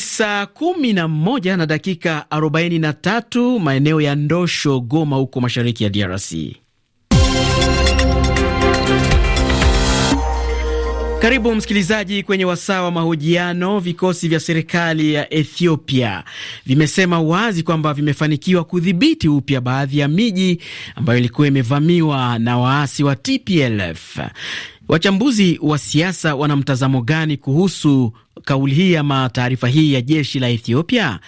saa kumi na moja na dakika arobaini na tatu maeneo ya Ndosho, Goma, huko mashariki ya DRC. Karibu msikilizaji kwenye wasaa wa mahojiano. Vikosi vya serikali ya Ethiopia vimesema wazi kwamba vimefanikiwa kudhibiti upya baadhi ya miji ambayo ilikuwa imevamiwa na waasi wa TPLF. Wachambuzi wa siasa wana mtazamo gani kuhusu kauli hii ama taarifa hii ya jeshi la Ethiopia?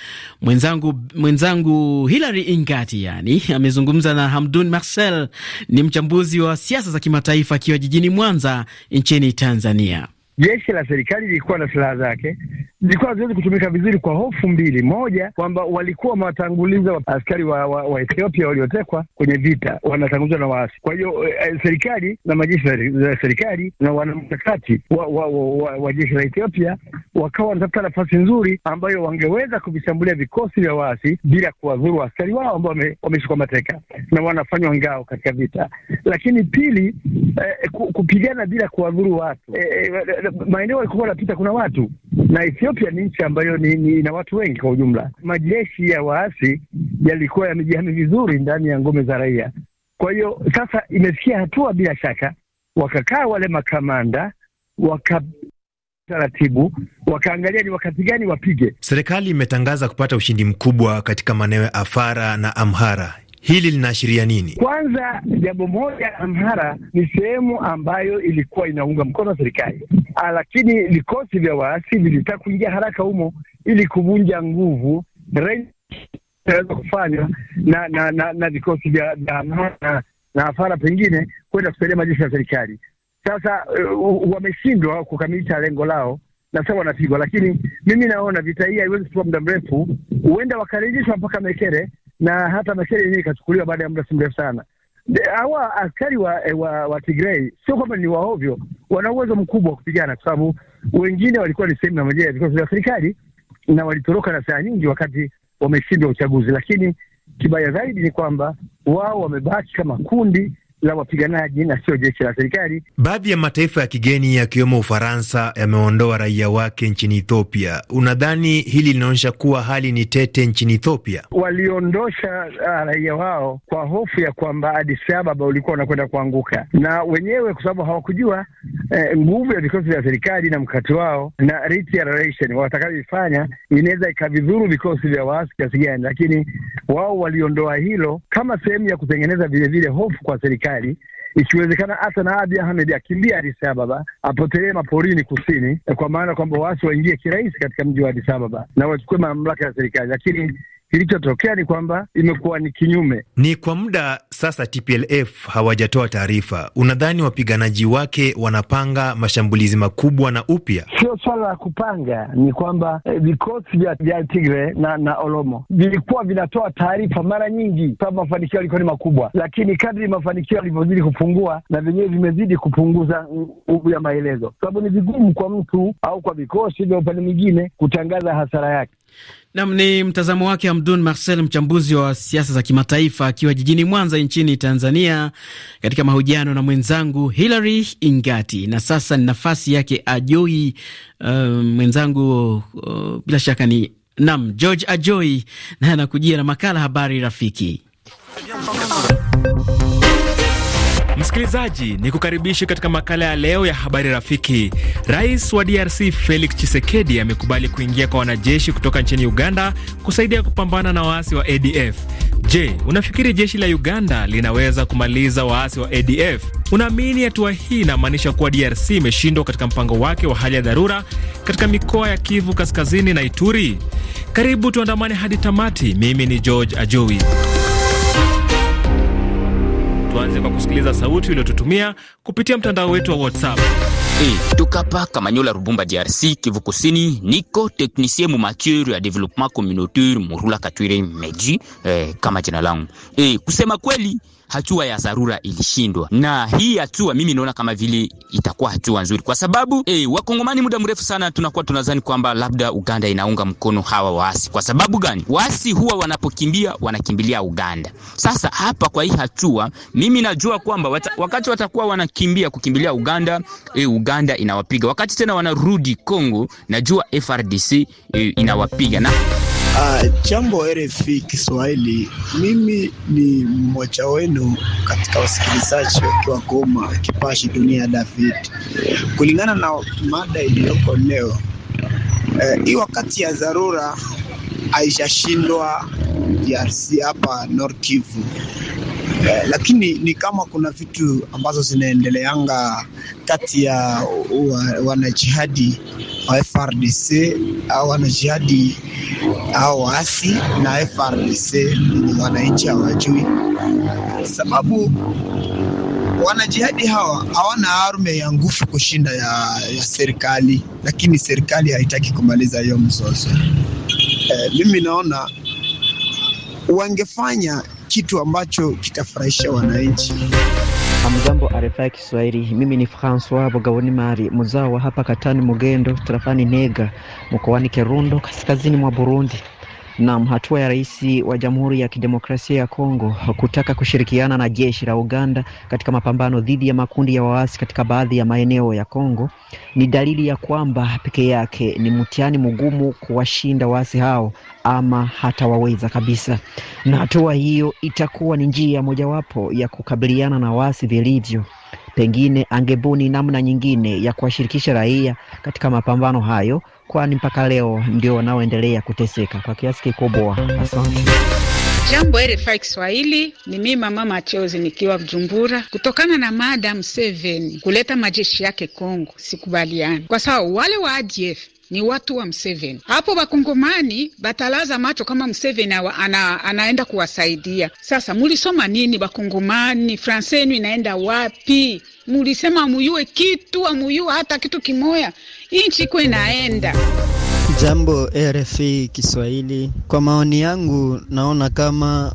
Mwenzangu, mwenzangu Hilary Ingati yani amezungumza na Hamdun Marcel, ni mchambuzi wa siasa za kimataifa akiwa jijini Mwanza nchini Tanzania jeshi la serikali lilikuwa na silaha zake zilikuwa haziwezi kutumika vizuri kwa hofu mbili. Moja, kwamba walikuwa wamewatanguliza askari wa, wa, wa Ethiopia waliotekwa kwenye vita, wanatangulizwa na waasi. Kwa hiyo eh, eh serikali na majeshi ya serikali na wanamkakati wa, wa, wa, wa, wa jeshi la Ethiopia wakawa wanatafuta nafasi nzuri ambayo wangeweza kuvishambulia vikosi vya waasi bila kuwadhuru askari wao ambao wameshikwa mateka na wanafanywa ngao katika vita. Lakini pili, eh, kupigana bila kuwadhuru watu eh, eh maeneo walikuwa wanapita kuna watu, na Ethiopia ni nchi ambayo ni, ni ina watu wengi kwa ujumla. Majeshi ya waasi yalikuwa yamejihami vizuri ndani ya ngome za raia. Kwa hiyo sasa imefikia hatua, bila shaka, wakakaa wale makamanda waka taratibu wakaangalia ni wakati gani wapige. Serikali imetangaza kupata ushindi mkubwa katika maeneo ya Afara na Amhara. Hili linaashiria nini? Kwanza, jambo moja, Amhara ni sehemu ambayo ilikuwa inaunga mkono serikali, ah, lakini vikosi vya waasi vilitaka kuingia haraka humo ili kuvunja nguvu naweza kufanywa na na na, na vikosi vya Amhara na Afara pengine kwenda kusaidia majeshi ya serikali. Sasa uh, wameshindwa kukamilisha lengo lao na sasa wanapigwa, lakini mimi naona vita hii haiwezi kuwa muda mrefu, huenda wakarejeshwa mpaka Mekere na hata mashari yenyewe ikachukuliwa baada ya muda si mrefu sana. Hawa askari wa, eh, wa, wa Tigrei sio kwamba ni waovyo, wana uwezo mkubwa wa kupigana, kwa sababu wengine walikuwa ni sehemu ya moja ya vikosi vya serikali na walitoroka na saa nyingi wakati wameshindwa uchaguzi. Lakini kibaya zaidi ni kwamba wao wamebaki kama kundi la wapiganaji na sio jeshi la serikali. Baadhi ya mataifa ya kigeni yakiwemo Ufaransa yameondoa raia wake nchini Ethiopia. Unadhani hili linaonyesha kuwa hali ni tete nchini Ethiopia? Waliondosha uh, raia wao kwa hofu ya kwamba Addis Ababa ulikuwa unakwenda kuanguka, na wenyewe kwa sababu hawakujua Eh, nguvu ya vikosi vya serikali na mkati wao na retaliation watakayoifanya inaweza ikavidhuru vikosi vya waasi kiasi gani, lakini wao waliondoa hilo kama sehemu ya kutengeneza vilevile hofu kwa serikali ikiwezekana hata na Abi Ahmed akimbia Addis Ababa apotelee maporini kusini, kwa maana kwamba waasi waingie kirahisi katika mji wa Addis Ababa na wachukue mamlaka ya serikali, lakini Kilichotokea ni kwamba imekuwa ni kinyume. Ni kwa muda sasa TPLF hawajatoa taarifa. Unadhani wapiganaji wake wanapanga mashambulizi makubwa na upya? Sio swala la kupanga, ni kwamba eh, vikosi vya Tigre na, na Oromo vilikuwa vinatoa taarifa mara nyingi kwamba mafanikio yalikuwa ni makubwa, lakini kadri mafanikio yalivyozidi kupungua na vyenyewe vimezidi kupunguza nguvu ya maelezo, sababu ni vigumu kwa mtu au kwa vikosi vya upande mwingine kutangaza hasara yake. Nam ni mtazamo wake Hamdun Marcel, mchambuzi wa siasa za kimataifa, akiwa jijini Mwanza nchini Tanzania, katika mahojiano na mwenzangu Hilary Ingati. Na sasa ni nafasi yake Ajoi. Uh, mwenzangu uh, bila shaka ni nam George Ajoi, naye anakujia na makala Habari Rafiki. Msikilizaji, ni kukaribishi katika makala ya leo ya habari rafiki. Rais wa DRC Felix Tshisekedi amekubali kuingia kwa wanajeshi kutoka nchini Uganda kusaidia kupambana na waasi wa ADF. Je, unafikiri jeshi la Uganda linaweza kumaliza waasi wa ADF? Unaamini hatua hii inamaanisha kuwa DRC imeshindwa katika mpango wake wa hali ya dharura katika mikoa ya Kivu Kaskazini na Ituri? Karibu tuandamane hadi tamati. Mimi ni George Ajowi yote kwa kusikiliza sauti uliotutumia kupitia mtandao wetu wa WhatsApp. Hey, eh, tukapa Kamanyola Rubumba DRC Kivu Kusini, niko technicien mu matiere ya developpement communautaire Murula Katwire Meji eh, kama jina langu. hey, eh, kusema kweli hatua ya dharura ilishindwa, na hii hatua mimi naona kama vile itakuwa hatua nzuri, kwa sababu eh, wakongomani muda mrefu sana tunakuwa tunadhani kwamba labda Uganda inaunga mkono hawa waasi. Kwa sababu gani? Waasi huwa wanapokimbia wanakimbilia Uganda. Sasa hapa kwa hii hatua mimi najua kwamba wata, wakati watakuwa wanakimbia kukimbilia Uganda eh, Uganda inawapiga. Wakati tena wanarudi Kongo, najua FRDC eh, inawapiga na Uh, jambo RFI Kiswahili, mimi ni mmoja wenu katika wasikilizaji wakiwa Goma, Kipashi Dunia David. Kulingana na mada iliyoko leo, uh, hii wakati ya dharura haijashindwa DRC hapa North Kivu. Eh, lakini ni kama kuna vitu ambazo zinaendeleanga kati ya wanajihadi wa FRDC au wanajihadi au waasi na FRDC ni wananchi hawajui, sababu wanajihadi hawa hawana arme ya nguvu kushinda ya, ya serikali, lakini serikali haitaki kumaliza hiyo mzozo. E, mimi naona wangefanya kitu ambacho kitafurahisha wananchi. Amjambo arifa ya Kiswahili. Mimi ni Francois Bogaoni Mari, mzao wa hapa Katani Mugendo, tarafani Nega, mkoani Kirundo, kaskazini mwa Burundi. Naam, hatua ya rais wa Jamhuri ya Kidemokrasia ya Kongo kutaka kushirikiana na jeshi la Uganda katika mapambano dhidi ya makundi ya waasi katika baadhi ya maeneo ya Kongo ni dalili ya kwamba peke yake ni mtihani mgumu kuwashinda waasi hao ama hata waweza kabisa, na hatua hiyo itakuwa ni njia mojawapo ya kukabiliana na waasi vilivyo pengine angebuni namna nyingine ya kuwashirikisha raia katika mapambano hayo, kwani mpaka leo ndio wanaoendelea kuteseka kwa kiasi kikubwa. Asante. Jambo RFI Kiswahili, ni mimi mama Machozi nikiwa Bujumbura. Kutokana na mada Museveni kuleta majeshi yake Kongo, sikubaliani kwa sababu wale wa ADF ni watu wa Mseveni. Hapo wakongomani batalaza macho kama Mseveni ana, anaenda kuwasaidia. Sasa mulisoma nini Wakongomani? Fransa yenu inaenda wapi? Mulisema amuyue kitu amuyue hata kitu kimoya, inchi iko inaenda Jambo RFI Kiswahili. Kwa maoni yangu, naona kama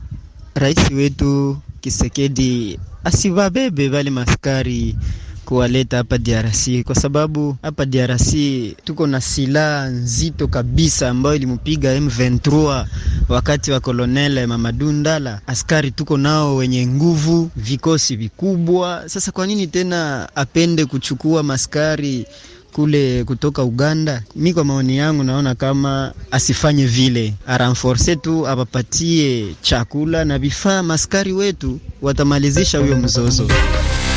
rais wetu Kisekedi asivabebe vale maskari kuwaleta hapa DRC kwa sababu hapa DRC tuko na silaha nzito kabisa ambayo ilimpiga M23 wakati wa Kolonel Mamadou Ndala. Askari tuko nao wenye nguvu, vikosi vikubwa. Sasa kwa nini tena apende kuchukua maskari kule kutoka Uganda. Mi kwa maoni yangu naona kama asifanye vile, aranforce tu apapatie chakula na vifaa maskari wetu, watamalizisha huyo mzozo.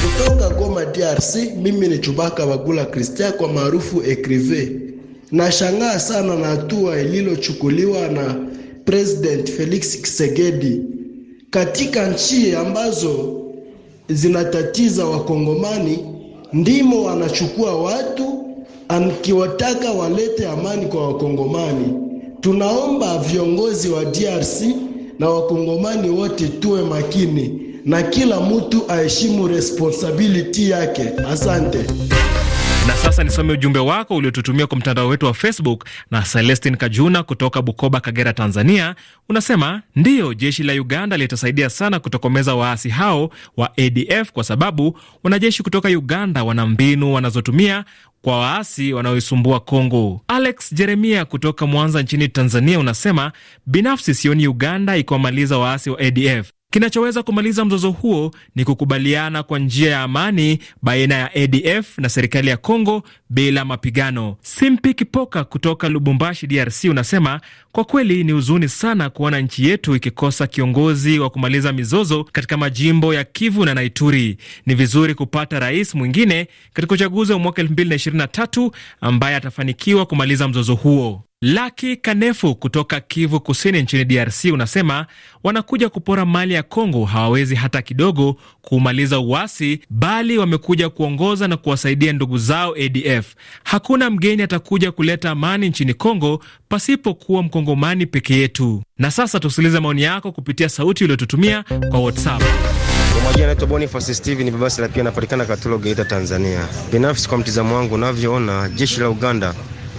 Kutoka Goma DRC, mimi ni Chubaka Bagula Kristia kwa maarufu Ekrive. Nashangaa sana na hatua ililochukuliwa na President Felix Tshisekedi katika nchi ambazo zinatatiza Wakongomani, ndimo wanachukua watu akiwataka walete amani kwa Wakongomani. Tunaomba viongozi wa DRC na Wakongomani wote tuwe makini na kila mtu aheshimu responsibility yake. Asante. Na sasa nisome ujumbe wako uliotutumia kwa mtandao wetu wa Facebook. Na Celestin Kajuna kutoka Bukoba, Kagera, Tanzania, unasema ndiyo, jeshi la Uganda litasaidia sana kutokomeza waasi hao wa ADF kwa sababu wanajeshi kutoka Uganda wana mbinu wanazotumia kwa waasi wanaoisumbua Kongo. Alex Jeremia kutoka Mwanza nchini Tanzania unasema binafsi sioni Uganda ikiwamaliza waasi wa ADF, Kinachoweza kumaliza mzozo huo ni kukubaliana kwa njia ya amani baina ya ADF na serikali ya Kongo bila mapigano. Simpi Kipoka kutoka Lubumbashi, DRC, unasema kwa kweli ni huzuni sana kuona nchi yetu ikikosa kiongozi wa kumaliza mizozo katika majimbo ya Kivu na Naituri. Ni vizuri kupata rais mwingine katika uchaguzi wa mwaka 2023 ambaye atafanikiwa kumaliza mzozo huo. Laki Kanefu kutoka Kivu Kusini nchini DRC unasema wanakuja kupora mali ya Kongo hawawezi hata kidogo kumaliza uasi, bali wamekuja kuongoza na kuwasaidia ndugu zao ADF. Hakuna mgeni atakuja kuleta amani nchini Kongo pasipokuwa mkongomani peke yetu. Na sasa tusikilize maoni yako kupitia sauti uliotutumia kwa WhatsApp. Mmoja naitwa Boniface Steve ni babasi la pia napatikana Katulo, Geita, Tanzania. Binafsi kwa mtizamo wangu, unavyoona jeshi la Uganda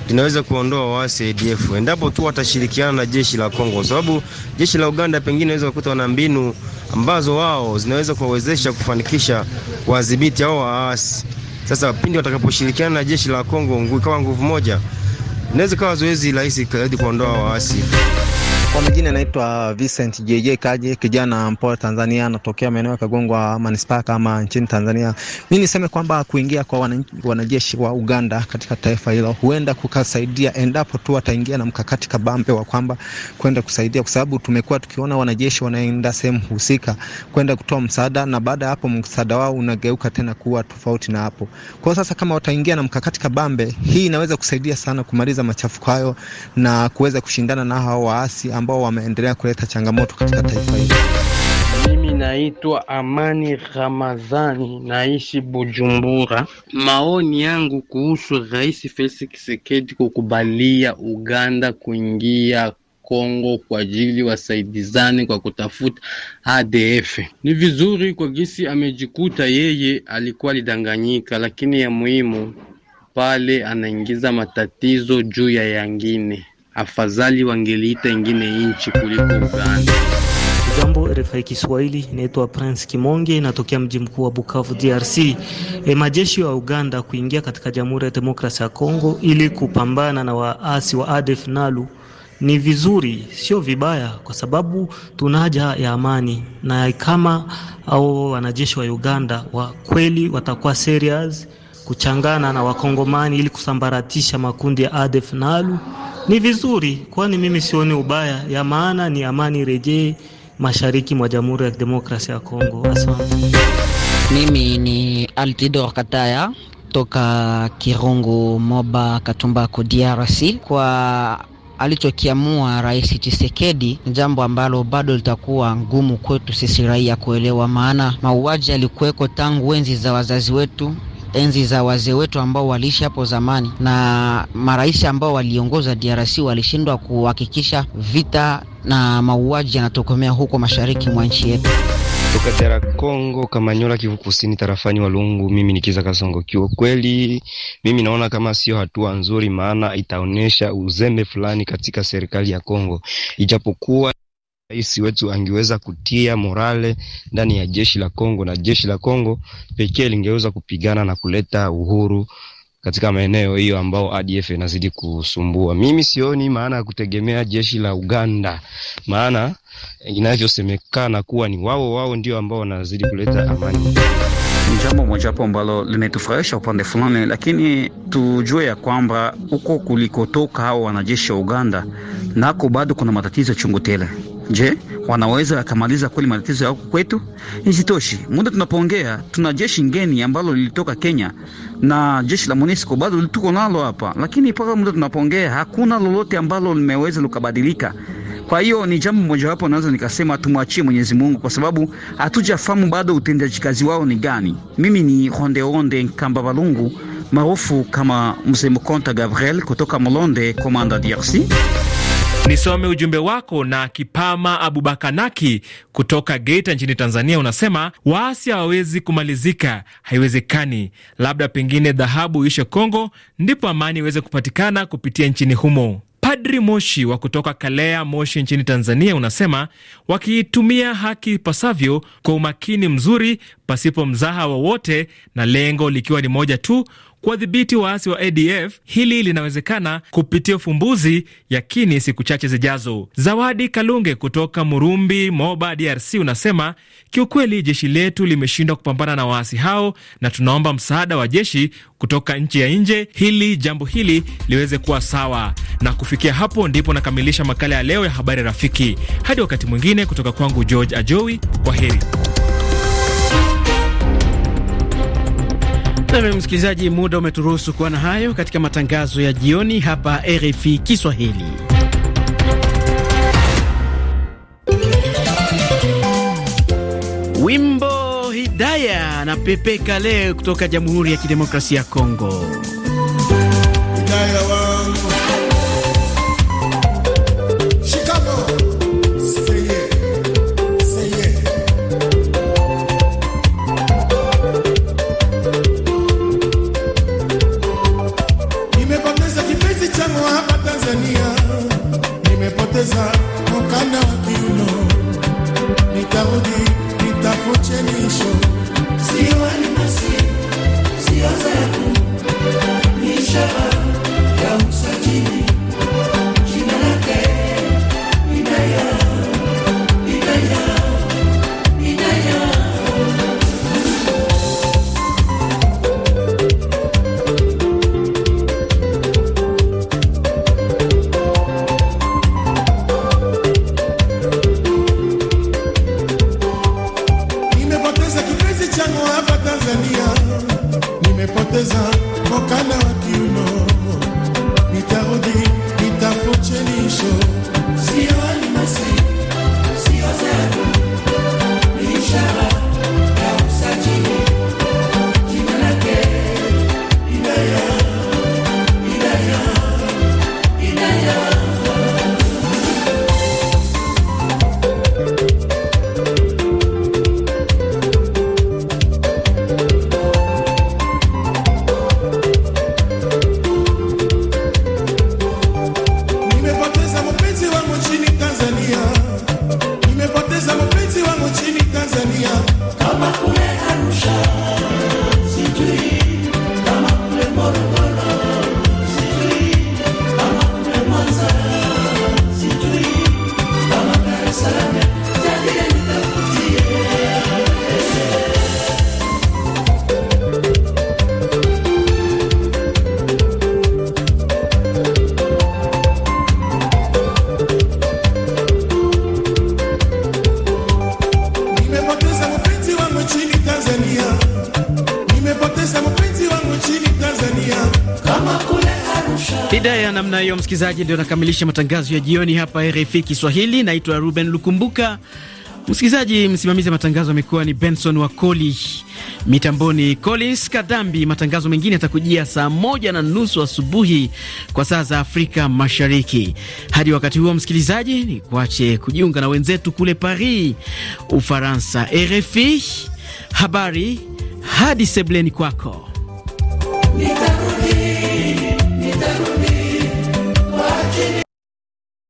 linaweza kuondoa waasi ADF endapo tu watashirikiana na jeshi la Kongo, sababu jeshi la Uganda pengine inaweza kukuta wana mbinu ambazo wao zinaweza kuwawezesha kufanikisha wadhibiti au waasi. Sasa pindi watakaposhirikiana na jeshi la Kongo kama nguvu moja, inaweza kawa zoezi rahisi zaidi kuondoa waasi. Kwa majina naitwa Vincent JJ Kaje, kijana mpoa Tanzania, anatokea maeneo ya Kagongwa manispaa kama nchini Tanzania. Mimi niseme kwamba kuingia kwa wanajeshi wa Uganda katika taifa hilo huenda kukasaidia endapo tu wataingia na mkakati kabambe wa kwamba kwenda kusaidia, kwa sababu tumekuwa tukiona wanajeshi wanaenda sehemu husika kwenda kutoa msaada, na baada ya hapo msaada wao unageuka tena kuwa tofauti na hapo. Kwa sasa kama wataingia na mkakati kabambe, hii inaweza kusaidia sana kumaliza machafuko hayo na kuweza kushindana na hao waasi ambao wameendelea kuleta changamoto katika taifa hili. Mimi naitwa Amani Ramadhani, naishi Bujumbura. Maoni yangu kuhusu Rais Felix Tshisekedi kukubalia Uganda kuingia Kongo kwa ajili wasaidizani kwa kutafuta ADF ni vizuri kwa gisi amejikuta yeye alikuwa alidanganyika, lakini ya muhimu pale anaingiza matatizo juu ya yangine afadhali wangeliita ingine nchi kuliko Uganda. Jambo RFI Kiswahili, inaitwa Prince Kimonge, inatokea mji mkuu wa Bukavu, DRC. E, majeshi ya Uganda kuingia katika Jamhuri ya Demokrasia ya Kongo ili kupambana na waasi wa ADF NALU ni vizuri, sio vibaya, kwa sababu tuna haja ya amani, na kama au wanajeshi wa Uganda wa kweli watakuwa serious kuchangana na Wakongomani ili kusambaratisha makundi ya ADF NALU ni vizuri, kwani mimi sioni ubaya, ya maana ni amani rejee mashariki mwa Jamhuri ya Kidemokrasia ya Kongo. Asante. Mimi ni Altidor Kataya toka Kirungu, Moba, Katumbako, DRC. Kwa alichokiamua Rais Tshisekedi ni jambo ambalo bado litakuwa ngumu kwetu sisi raia kuelewa, maana mauaji yalikuweko tangu enzi za wazazi wetu enzi za wazee wetu ambao waliishi hapo zamani, na marais ambao waliongoza DRC walishindwa kuhakikisha vita na mauaji yanatokomea huko mashariki mwa nchi yetu. Katera Kongo, Kamanyola, Kivu Kusini, tarafani Walungu. Mimi nikiza Kasongo. Kiukweli mimi naona kama sio hatua nzuri, maana itaonyesha uzembe fulani katika serikali ya Kongo, ijapokuwa Rais wetu angeweza kutia morale ndani ya jeshi la Kongo, na jeshi la Kongo pekee lingeweza kupigana na kuleta uhuru katika maeneo hiyo ambao ADF inazidi kusumbua. Mimi sioni maana ya kutegemea jeshi la Uganda, maana inavyosemekana kuwa ni wao wao ndio ambao wanazidi kuleta amani. Jambo mojawapo ambalo linatufurahisha upande fulani, lakini tujue ya kwamba huko kulikotoka hao wanajeshi wa Uganda nako bado kuna matatizo chungu tele. Je, wanaweza wakamaliza kweli matatizo yao kwetu? Isitoshi, muda tunapoongea tuna jeshi ngeni ambalo lilitoka Kenya na jeshi la MONUSCO bado tuko nalo hapa, lakini mpaka muda tunapoongea hakuna lolote ambalo limeweza lukabadilika. Kwa hiyo ni jambo mojawapo naweza nikasema tumwachie Mwenyezi Mungu, kwa sababu hatujafahamu bado utendaji kazi wao ni gani. Mimi ni Honde Honde Nkamba Balungu maarufu kama Mzee Mkonta Gabriel kutoka Molonde, Komanda, DRC. Nisome ujumbe wako na Kipama Abubakanaki kutoka Geita nchini Tanzania. Unasema waasi hawawezi kumalizika, haiwezekani. Labda pengine dhahabu ishe Kongo, ndipo amani iweze kupatikana kupitia nchini humo. Padri Moshi wa kutoka Kalea, Moshi nchini Tanzania unasema wakiitumia haki pasavyo, kwa umakini mzuri, pasipo mzaha wowote, na lengo likiwa ni moja tu, kuwadhibiti waasi wa ADF. Hili linawezekana kupitia ufumbuzi yakini siku chache zijazo. Zawadi Kalunge kutoka Murumbi, Moba, DRC unasema kiukweli jeshi letu limeshindwa kupambana na waasi hao na tunaomba msaada wa jeshi kutoka nchi ya nje hili jambo hili liweze kuwa sawa. Na kufikia hapo ndipo nakamilisha makala ya leo ya habari rafiki. Hadi wakati mwingine, kutoka kwangu George Ajowi, kwa heri. Nami msikilizaji, muda umeturuhusu kuwa na hayo katika matangazo ya jioni hapa RFI Kiswahili. Wimbo Hidaya na Pepe Kale kutoka Jamhuri ya Kidemokrasia ya Kongo. msikilizaji, ndio nakamilisha matangazo ya jioni hapa RFI Kiswahili. Naitwa Ruben Lukumbuka. Msikilizaji, msimamizi wa matangazo amekuwa ni Benson Wakoli, mitamboni Collins Kadambi. Matangazo mengine yatakujia saa moja na nusu asubuhi kwa saa za Afrika Mashariki. Hadi wakati huo, msikilizaji, ni kuache kujiunga na wenzetu kule Paris, Ufaransa. RFI habari hadi sebleni kwako Nita